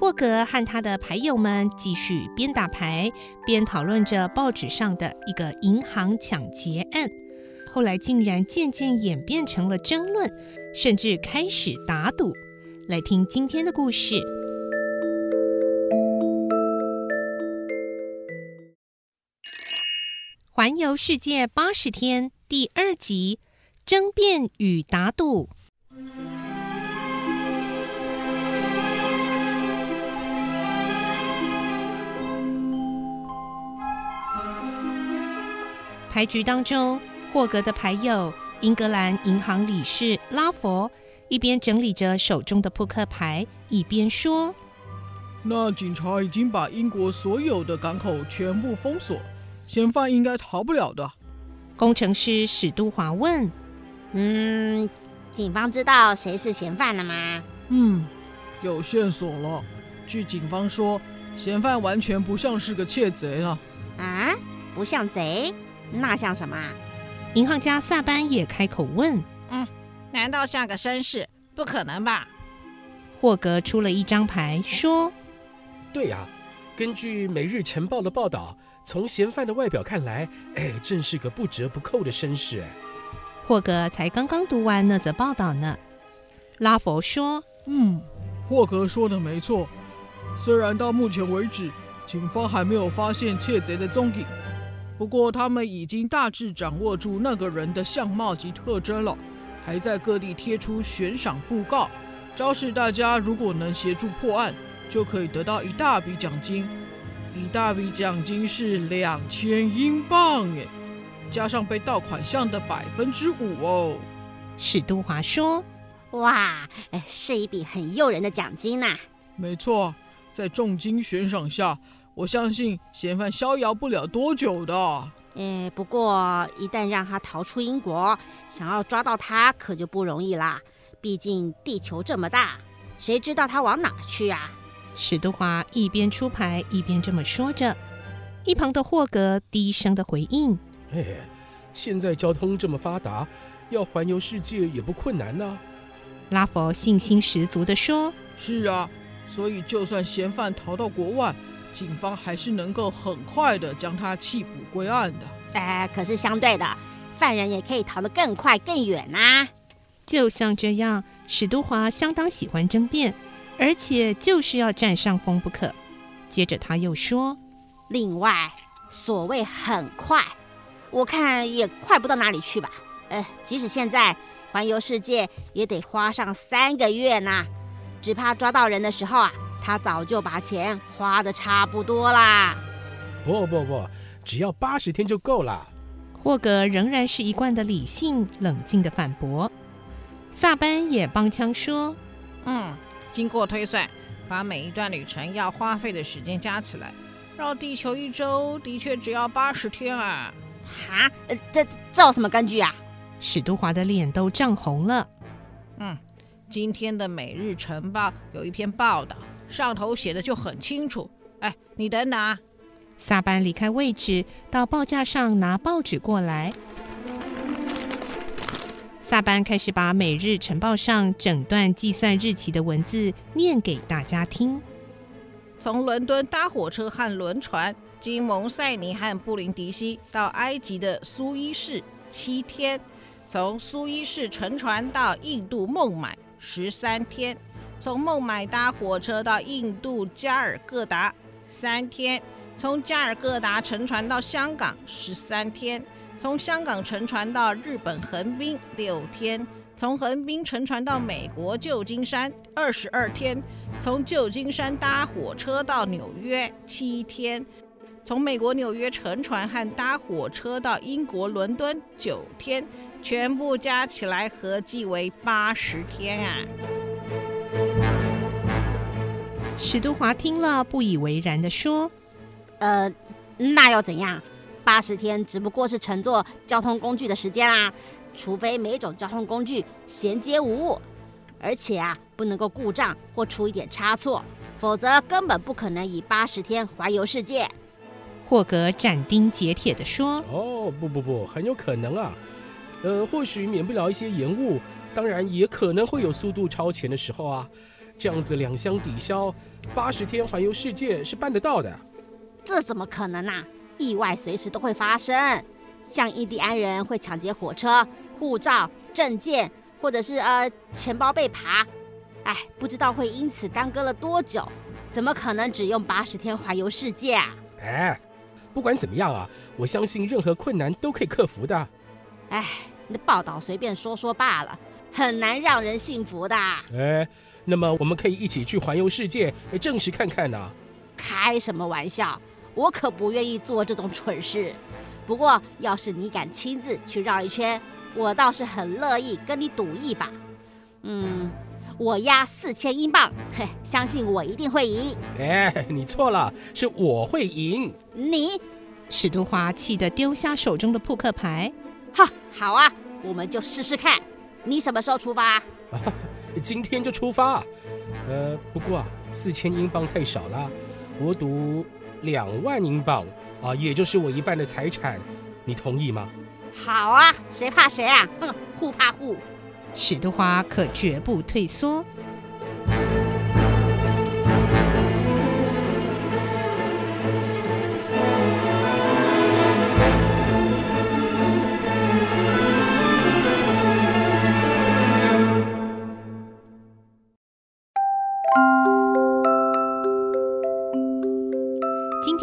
霍格和他的牌友們繼續邊打牌邊討論着報紙上的一個銀行搶劫案，後來竟然漸漸演變成了爭論，甚至開始打賭。來聽今天的故事，《環遊世界八十天》第二集：爭辯與打賭。牌局當中，霍格的牌友英格蘭銀行理事拉佛一邊整理着手中的撲克牌，一邊說：“那警察已經把英國所有的港口全部封鎖，嫌犯應該逃不了的。”工程師史都華問：“嗯，警方知道誰是嫌犯了嗎？”“嗯，有線索了。據警方說，嫌犯完全不像是個竊賊啊。啊，不像賊？”那像什麼？銀行家薩班也開口問：“嗯，難道像個紳士？不可能吧。”霍格出了一張牌說：“對呀、啊，根據《每日晨報》的報道，從嫌犯的外表看來，哎，正是個不折不扣的紳士。”霍格才剛剛讀完那則報道呢。拉佛說：“嗯，霍格說的沒錯。雖然到目前為止，警方還沒有發現竊賊的蹤影。”不過，他們已經大致掌握住那個人的相貌及特徵了，還在各地貼出懸賞佈告，昭示大家如果能協助破案，就可以得到一大筆獎金。一大筆獎金是兩千英鎊，耶，加上被盜款項的百分之五哦。史都華說：“哇，是一筆很誘人的獎金吶。”沒錯，在重金懸賞下。我相信嫌犯逍遙不了多久的。誒、哎，不過一旦讓他逃出英國，想要抓到他可就不容易啦。畢竟地球這麼大，誰知道他往哪去啊？史德華一邊出牌一邊這麼說着，一旁的霍格低聲的回應：“嘿、哎，現在交通這麼發達，要環遊世界也不困難呢、啊。”拉佛信心十足的說：“是啊，所以就算嫌犯逃到國外。”警方還是能夠很快地將他緝捕歸案的。哎、呃，可是相對的，犯人也可以逃得更快更遠吶、啊。就像這樣，史都華相當喜歡爭辯，而且就是要佔上風不可。接着他又說：“另外，所謂很快，我看也快不到哪裡去吧。呃，即使現在環遊世界也得花上三個月呢，只怕抓到人的時候啊。”他早就把錢花得差不多啦！不不不，只要八十天就夠了。霍格仍然是一貫的理性冷靜的反駁。薩班也幫腔說：“嗯，經過推算，把每一段旅程要花費的時間加起來，繞地球一周的確只要八十天啊！”哈？呃、這這有什麼根據啊？史都華的臉都漲紅了。嗯，今天的《每日晨報》有一篇報道。上頭寫的就很清楚。哎，你等等啊！薩班離開位置，到報架上拿報紙過來。薩班開始把《每日晨報》上整段計算日期的文字念給大家聽。從倫敦搭火車和輪船經蒙塞尼和布林迪西到埃及的蘇伊士七天，從蘇伊士乘船到印度孟買十三天。從孟買搭火車到印度加爾各答三天，從加爾各答乘船到香港十三天，從香港乘船到日本橫濱六天，從橫濱乘船到美國舊金山二十二天，從舊金山搭火車到紐約七天，從美國紐約乘船和搭火車到英國倫敦九天，全部加起來合計為八十天啊。史都華聽了，不以為然的說：“呃，那要怎樣？八十天只不過是乘坐交通工具的時間啦、啊，除非每種交通工具銜接無誤，而且啊，不能夠故障或出一點差錯，否則根本不可能以八十天環遊世界。”霍格斬釘截鐵的說：“哦，不不不，很有可能啊，呃，或許免不了一些延誤。”當然也可能會有速度超前的時候啊，這樣子兩相抵消，八十天環遊世界是辦得到的。這怎麼可能吶、啊？意外隨時都會發生，像印第安人會搶劫火車、護照、證件，或者是呃錢包被扒。哎，不知道會因此耽擱了多久，怎麼可能只用八十天環遊世界啊？哎，不管怎麼樣啊，我相信任何困難都可以克服的。哎，那報道隨便說說罷了。很難讓人信服的。哎，那麼我們可以一起去環遊世界，證實看看呢？開什麼玩笑！我可不願意做這種蠢事。不過，要是你敢親自去繞一圈，我倒是很樂意跟你賭一把。嗯，我押四千英鎊，嘿，相信我一定會贏。哎，你錯了，是我會贏。你，史都華氣得丟下手中的撲克牌。哈，好啊，我們就試試看。你什麼時候出發啊？啊，今天就出發啊。呃，不過啊，四千英鎊太少了。我賭兩萬英鎊啊，也就是我一半的財產，你同意嗎？好啊，誰怕誰啊？哼，互怕互，史都華可絕不退縮。